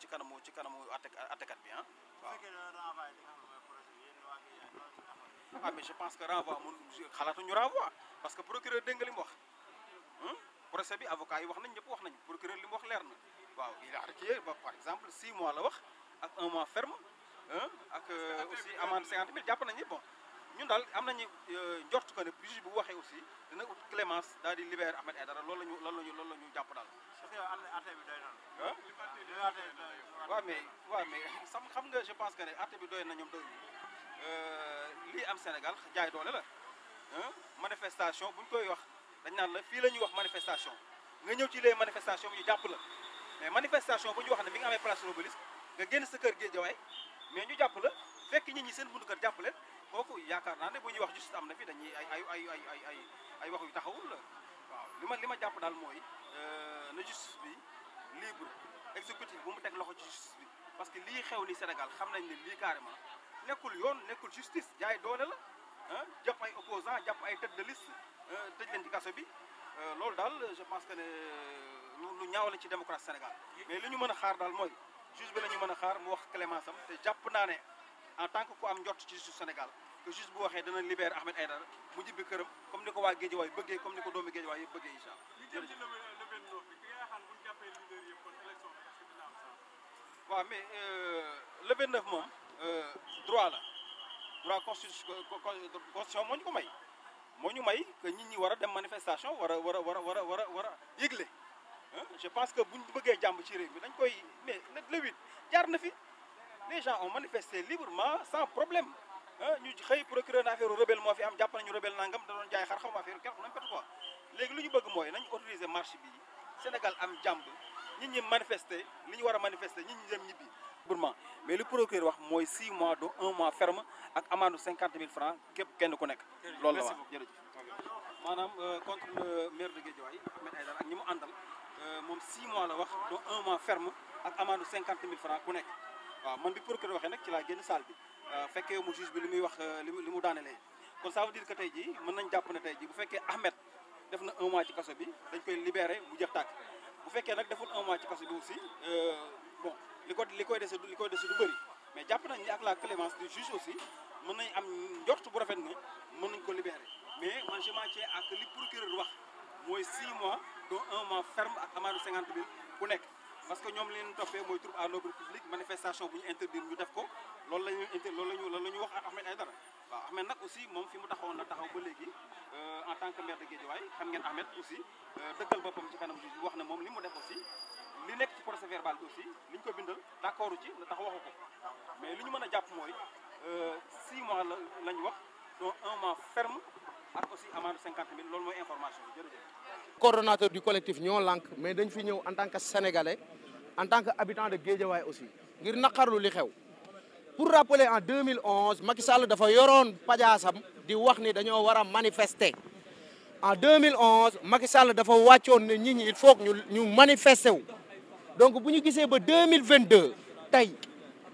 ci kanamu ci kanamu attekat bi ah waaw ah, je pense que renvoi mun xalaatuñu renvoi parce que procureur dégg nga li mu wax hmm? procès bi avocat yi wax nañ ñëpp wax nañ procureur li mu wax leer na waaw il a requis par exemple 6 mois la wax ak un mois ferme ak euh, aussi amende 50 000 jàpp nañu bon ñun daal am nañu euh, njort que ne juge bu waxee aussi dina ut clémence daal di libérer Ahmed Aidara loolu la ñu loolu la ñu ñu jàpp daal waaw mais waaw mais sam xam nga je pense que ne àtte bi doy na ñoom doy euh, lii am Sénégal jaay doole la manifestation bu buñ koy wax dañ naan la fii la ñuy wax manifestation nga ñëw ci lee manifestation bi ñu jàpp la mais manifestation bu ñu wax ne bi nga amee place Obélisque nga génn sa kër Guédiawaye mais ñu jàpp la fekk ñi ñi seen buntu kër jàpp leen kooku yaakaar naa ne bu ñuy wax juste am na fi dañuy ay ay ay ay ay ay waxu yu taxawul la waaw li ma li ma jàpp daal mooy euh, na justice bi libre exécutif bu mu teg loxo ci justice bi parce que lii xew ni Sénégal xam nañ ne lii carrément nekkul yoon nekkul justice jaay doole la ah jàpp ay opposant jàpp ay tête de liste tëj leen ci kaso bi euh, loolu daal je pense que ne lu ñaaw la ci démocratie Sénégal mais li ñu mën a xaar daal mooy juge bi la ñu mën a xaar mu wax clémence am te jàpp naa ne en tant que ku am njort ci justice Sénégal que juste bu waxee dana libérer Ahmed Aïdara mu jibbi këram comme ni ko waa Guédiawaye bëgge comme ni ko doomi Guédiawaye yëpp bëggee incha allah. waaw mais euh, le 29 moom euh, droit la droit constitution constitution moo ñu ko may moo ñu may que nit ñi war a dem manifestation war a war a war a war a war a war a yëgle je pense que buñ bëggee jàmm ci réew mi dañ koy mais le 8 jaar na fi les gens ont manifesté librement sans problème. Ah, ñu xëy procureur na affaire rebelle moo fi am jàpp nañu rebelle nangam da doon jaay xar xaw ma affaire kenn nañ pet quoi léegi lu ñu bëgg mooy nañu autoriser marche bi Sénégal am jàmb nit ñi manifester li ñu war a manifester nit ñi dem ñibbi bourement mais lu procureur wax mooy 6 mois do 1 mois ferme ak amende 50 000 francs kenn ku nekk loolu la wax jërëjëf euh, ñi mu àndal euh, moom 6 la wax do 1 ak amende 50 000 ku nekk waaw man bi procureur waxee nag ci laa génn salle bi Euh, fekkee mu juge bi li muy wax euh, li mu daanelee kon ça veut dire tey jii mën nañ jàpp ne tey ji bu fekkee Ahmed def na un mois ci kaso bi dañ koy libere mu jeex tàkk bu fekkee nag deful un mois ci kaso bi aussi euh, bon li ko li koy dese li koy dese du bëri mais jàpp nañ ni ak la clémence du juge aussi mën nañ am njort bu rafet ne mën nañ ko libéré mais man je m'en tiens ak li procureur wax mooy 6 mois dont un mois ferme ak amende 50 000 ku nekk parce que ñoom leen toppee mooy trouble à l'ordre public manifestation bu ñu interdire ñu def ko loolu la ñu inter loolu la Ahmed Aïdara waaw Ahmed nag aussi moom fi mu taxawoon na taxaw ba léegi euh, en tant que maire de Guédiawaye xam ngeen Ahmed aussi euh, dëggal boppam ci kanam wax na moom li mu def aussi li nekk ci procès verbal aussi li ñu ko bindal d' accord ci ndax waxu ko mais li ñu mën a jàpp mooy 6 euh, mois la lañ wax. dont un mois ferme ak bi du collectif ñoo lànk mais dañ fi ñëw en tant que sénégalais en tant que habitant de Guédiawaye aussi ngir naqarlu li xew pour rappeler en 2011 Macky Sall dafa yoroon pajaasam di wax ni dañoo war a manifester en 2011 Macky Sall dafa wàccoon ne nit ñi il faut que ñu ñu wu donc bu ñu gisee ba 2022 tey.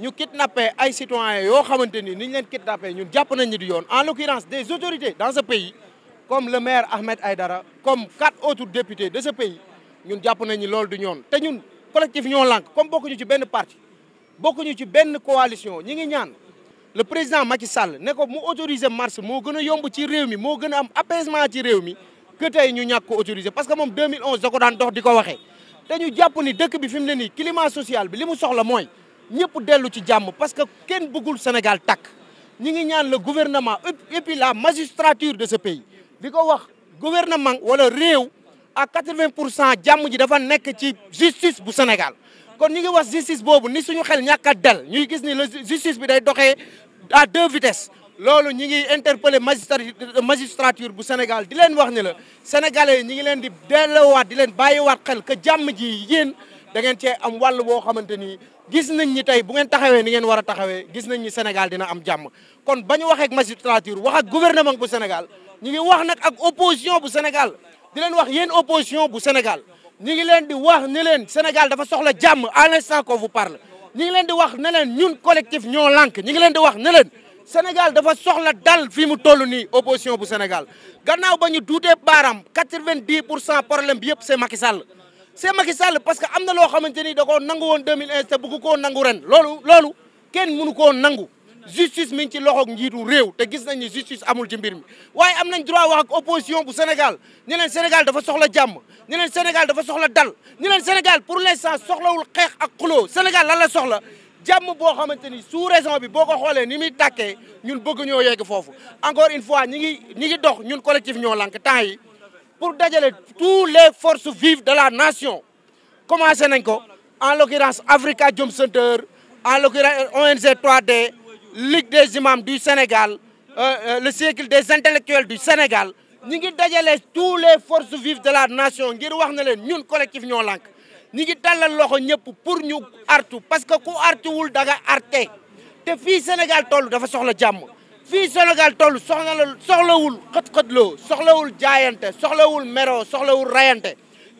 ñu kidnappé ay citoyens yoo xamante ni ni ñu leen kidnappé ñun jàpp nañ ni du yoon en l'occurrence des autorités dans ce pays comme le maire Ahmed Aïdara comme quatre autres députés de ce pays ñun jàpp nañ ni loolu du ñoon te ñun collectif ñoo lànk comme bokkuñu ci benn parti bokk ñu ci benn coalition ñi ngi ñaan le président Macky Sall ne ko mu autoriser marche moo gën a yomb ci réew mi moo gën a am apaisement ci réew mi que tey ñu ñàkk ko parce que moom 2011 da ko daan dox di ko waxee jàpp ni dëkk bi fi mu ne nii climat social bi li mu soxla mooy ñëpp dellu ci jàmm parce que kenn bëggul Sénégal takk ñi ngi ñaan le gouvernement et puis la magistrature de ce pays di ko wax gouvernement wala réew à 80 pour cent jàmm ji dafa nekk ci justice bu Sénégal kon ñi ngi wax justice boobu ni suñu xel ñàkk a del ñuy gis ni la justice bi day doxee à deux vitesses loolu ñi ngi interpeller magistrature bu Sénégal di leen wax ni la sénégalais yi ñi ngi leen di delloowaat di leen bàyyiwaat xel que jàmm ji yéen da ngeen cee am wàll boo xamante ni gis nañ ni tey bu ngeen taxawee ni ngeen war a taxawee gis nañ ni Sénégal dina am jàmm kon ba ñu waxee ak magistrature wax ak gouvernement bu Sénégal ñu ngi wax nag ak opposition bu Sénégal di leen wax yéen opposition bu Sénégal ñu ngi leen di wax ne leen Sénégal dafa soxla jàmm à l'instant qu'on vous parle ñu ngi leen di wax ne leen ñun collectif ñoo lànk ñu ngi leen di wax ne leen Sénégal dafa soxla dal fii mu toll nii opposition bu Sénégal gannaaw ba ñu duutee baaraam quatre-vingt-dix pour cent problème yëpp c'est Macky Sall c'est Macky Sall parce que am na loo xamante ni da koo nangu woon 2011 te bëgg koo nangu ren loolu loolu kenn mënu koo nangu justice mi ngi ci loxoog njiitu réew te gis nañ ni justice amul ci mbir mi waaye am nañ droit wax ak opposition bu Sénégal ñu leen Sénégal dafa soxla jàmm ñu leen Sénégal dafa soxla dal ñu leen Sénégal pour l'instant soxlawul xeex ak xuloo Sénégal lan la soxla jàmm boo xamante ni sous raison bi boo ko xoolee ni muy tàkkee ñun bëgg ñoo yegg foofu encore une fois ñi ngi ñi ngi dox ñun collectif ñoo lànk temps yi pour dajale tous les forces vives de la nation commencé nañ ko en l'occurrence Africa Jom Center en l'occurrence ONG 3D Ligue des imams du Sénégal euh, euh, le cercle des intellectuels du Sénégal ñi ngi dajale tous les forces vives de la nation ngir wax na leen ñun collectif ñoo lànk ñi ngi tàllal loxo ñëpp pour ñu artu parce que ku artuwul wul daga arte te fii Sénégal toll dafa soxla jàmm fii Sénégal toll soxla la soxlawul xët-xëtloo soxlawul jaayante soxlawul meroo soxlawul rayante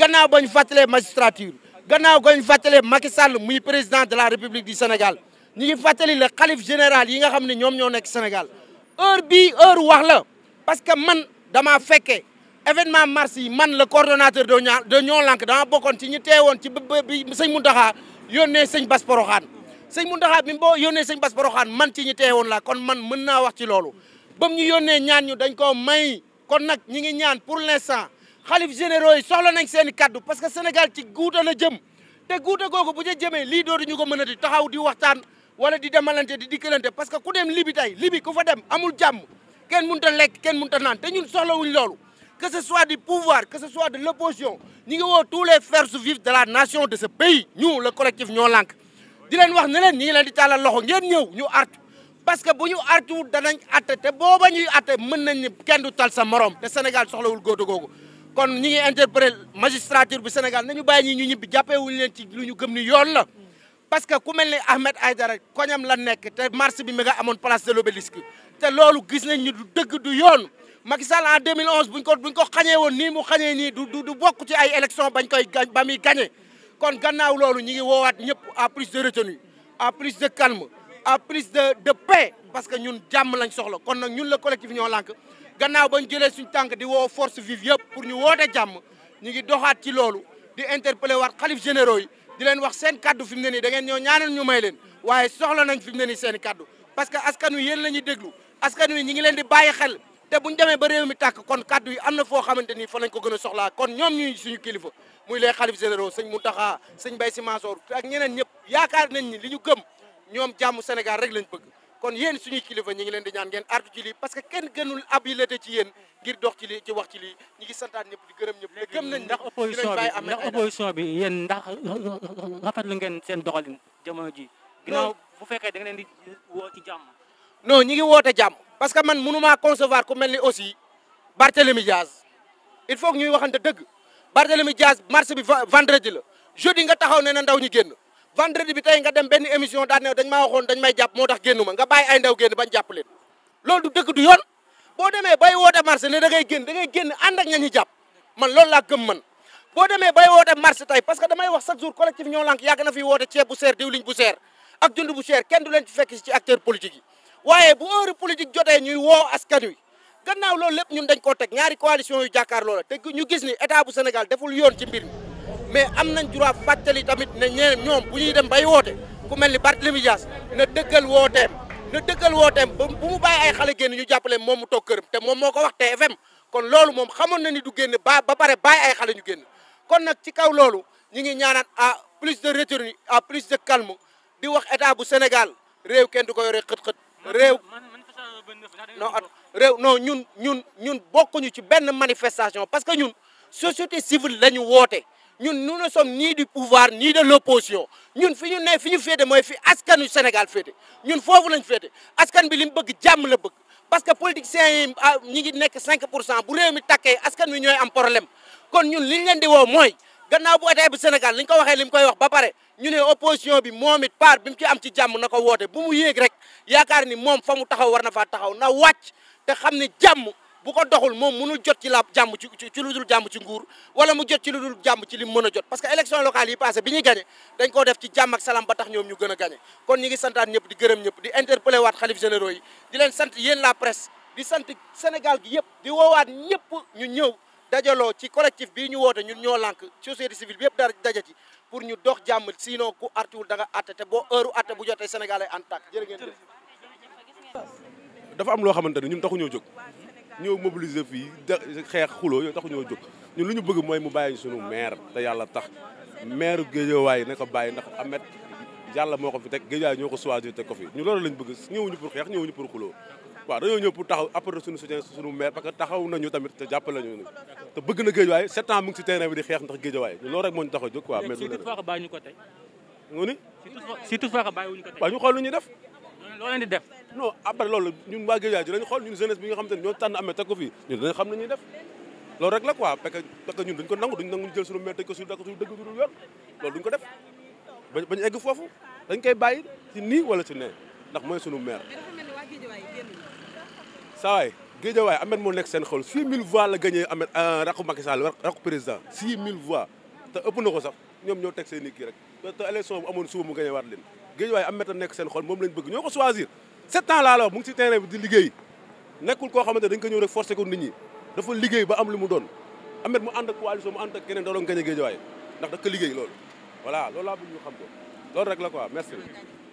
gannaaw ñu fàttalee magistrature gannaaw bañ fàttalee Macky Sall muy président de la République du Sénégal ñu ngi fàttali la xalif général yi nga xam ne ñoom ñoo nekk Sénégal heure bii heure wax la parce que man damaa fekkee événement mars yi man le coordonnateur de ñoo lank dama bokkoon ci ñu teewoon ci bi sëñ Mountakha yónnee sëñ Bass Porokhane sëñ Muntaxa bi boo yónnee sëñ Bass Porokhane man ci ñi teewoon laa kon man mën naa wax ci loolu bam ñu yónnee ñaan ñu dañ koo may kon nag ñi ngi ñaan pour l'instant xalif généraux yi soxla nañ seen i kaddu parce que Sénégal ci guuta la jëm te guuta googu bu ca jëmee lii dootuñu ko mën a di taxaw di waxtaan wala di demalante di dikkalante parce que ku dem libi tey libi ku fa dem amul jàmm kenn mun a lekk kenn mun ta naan te ñun soxlawuñ loolu que ce soit du pouvoir que ce soit de l'opposition ñi ngi woo tous les forces vives de la nation de ce pays ñu le collectif ñoo lànk di leen wax ne leen ñi ngi leen di tàllal loxo ngeen ñëw ñu artu parce que bu ñu artu danañ atte te booba ñu atte mën nañ ne kenn du tal sa morom te Sénégal soxlawul góoto googu kon ñi ngi interpellé magistrature bu Sénégal nañu bàyyi ñi ñu ñibbi jàppee wuñu leen ci lu ñu gëm ni yoon la parce que ku mel ni Ahmed Aïdara koñam la nekk te marche bi mi amoon place de l'obélisque te loolu gis nañ ni du dëgg du yoon Macky Sall en 2011 buñ ko buñ ko xañee woon nii mu xañee nii du du bokk ci ay élection bañ koy ba muy gagné kon gannaaw loolu ñi ngi woowaat ñëpp à plus de retenue à plus de calme à plus de de paix parce que ñun jàmm lañ soxla kon nag ñun la collectif ñoo lànk gannaaw bañ jëlee suñ tànk di woo force vive yëpp pour ñu woote jàmm ñu ngi doxaat ci loolu di interpellé waat xalif généro yi di leen wax seen kaddu fi mu ne nii da ngeen ñoo ñaanal ñu may leen waaye soxla nañ fi mu ne nii seen kaddu parce que askan wi yéen la ñuy déglu askan wi ñi ngi leen di bàyyi xel te bu ñu demee mi tàkk kon kaddu yi am na foo xamante ni fa lañ ko gën a kon ñoom ñuy suñu kilifa muy les xalif généraux sëñ Mountakha sëñ Baye Sy Mansour ak ñeneen ñëpp yaakaar nañ ni li ñu gëm ñoom jàmm Sénégal rek lañ bëgg kon yéen suñuy kilifa ñi ngi leen di ñaan ngeen artu ci lii parce que kenn gënul habilité ci yéen ngir dox ci lii ci wax ci li ñi ngi santaat ñëpp di gërëm ñëpp te gëm nañ ndax opposition bi ndax opposition bi yéen ndax rafetlu ngeen seen doxalin jamono ji ginnaaw bu fekkee da nga leen di woo ci jàmm non ñi ngi woote jàmm parce que man mënumaa concevoir ku mel ni aussi Barthélémy Diaz il faut que ñuy waxante dëgg Barthélemy Dias marche bi vendredi la jeudi nga taxaw ne na ndaw ñi génn vendredi bi tey nga dem benn émission daan ne dañ maa waxoon dañ may jàpp moo tax génnu ma nga bàyyi ay ndaw génn bañ jàpp leen loolu du dëkk du yoon boo demee bay woote marché ne da ngay génn da ngay génn ànd ak ña ñuy jàpp man loolu laa gëm man boo demee bay woote marché tey parce que damay wax chaque jour collectif ñoo lànk yàgg na fi woote ceeb bu seer diwliñ bu seer ak jund bu seer kenn du leen wi gannaaw loolu lépp ñun dañ koo teg ñaari coalition yu jàkkaarloo la te ñu gis ni état bu Sénégal deful yoon ci mbir mi mais am nañ droit fàttali tamit ne ñee ñoom bu ñuy dem bay woote ku mel ni Barthélémy Dias na dëggal wooteem na dëggal wooteem ba bu mu bàyyi ay xale génn ñu jàppale moom mu toog këram te moom moo ko wax te TFM kon loolu moom xamoon na ni du génn ba ba pare ay xale ñu génn kon na ci kaw loolu ñu ngi ñaanaan a plus de retenue à plus de calme di wax état bu Sénégal réew kenn du ko yore xët-xët non at réew no ñun ñun ñun bokkuñu ci benn manifestation parce que ñun société civile la ñu woote ñun nous ne sommes ni du pouvoir ni de l'opposition ñun fi ñu ne fi ñu féete mooy fi askanu Sénégal féete ñun foofu lañ féete askan bi li mu bëgg jàmm la bëgg parce que politiciens yi ah, ñi ngi nekk cinq pour cent bu réew mi takkee askan wi ñooy am problème kon ñun liñ leen di woo mooy gannaaw bu état bu Sénégal liñ ko waxee li koy wax ba pare ñu ne opposition bi moom it part bi mu ci am ci jàmm na ko woote bu mu yéeg rek yaakaar ni moom fa mu taxaw war na faa taxaw na wàcc te xam ne jàmm bu ko doxul moom mënul jot ci la jàmm ci ci lu dul jàmm ci nguur wala mu jot ci lu jàmm ci li mën a jot parce que élection locale yi passé bi ñuy gagné dañ koo def ci jàmm ak salaam ba tax ñoom ñu gën a gagné kon ñi ngi santaat ñëpp di gërëm ñëpp di interpellé waat xalif généraux yi di leen sant yéen la presse di sant Sénégal yëpp di woowaat ñëpp ñu ñëw dajaloo ci collectif bii ñu woote ñun ñoo lànk société civile bi yëpp dara daja pour ñu dox jàmm sinon ku artiwul da nga àtte te boo heure àtte bu jotee Sénégal ay en tàkk jërë ngeen dafa am loo xamante ne ñun taxu ñoo jóg ñëw mobiliser fii xeex xuloo yooyu taxu ñoo jóg ñun lu ñu bëgg mooy mu bàyyi sunu maire te yàlla tax maire Guédiawaye na ko bàyyi ndax Ahmed yàlla moo ko fi teg Guédiawaye ñoo ko choisir teg ko fi ñu loolu lañ bëgg ñëwuñu pour xeex ñu pour xuloo waaw dañoo ñëw pour taxaw après suñu soutien suñu maire parce que taxaw nañu tamit te jàppale ñu te bëgg na loolu ñu tax a jóg quoi ñu ko tey nga ñu lu ñuy def loo leen di def non après xool ñun jeunesse bi nga xam te ne ñoo tànn amee teg ko fii ñun def loolu rek la quoi parce que parce que ñun ko nangu duñ nangu jël suñu maire tëj ko suñu dëkk suñu yoon loolu duñ ko def bañ egg foofu dañ koy bàyyi si nii wala si ne ndax mooy suñu maire saa waay Guédiawaye Ahmed moo nekk seen xol 6000 voix la gagné Ahmed euh, rakku Macky Sall rakku président 6000 voix te ëpp na ko sax ñoom ñoo teg seen i ki rek te élection bu amoon mu gagné waat leen Guédiawaye Ahmed a nekk seen xol moom lañ bëgg ñoo ko choisir sept ans laa la wax mu si terrain bi di liggéey nekkul koo xamante dañ ko ñëw rek forcé ko nit ñi dafa liggéey ba am lu mu doon Ahmed mu ànd ak coalition mu ànd ak keneen doon gagné Guédiawaye ndax da ko liggéey loolu voilà loolu loolu rek la quoi merci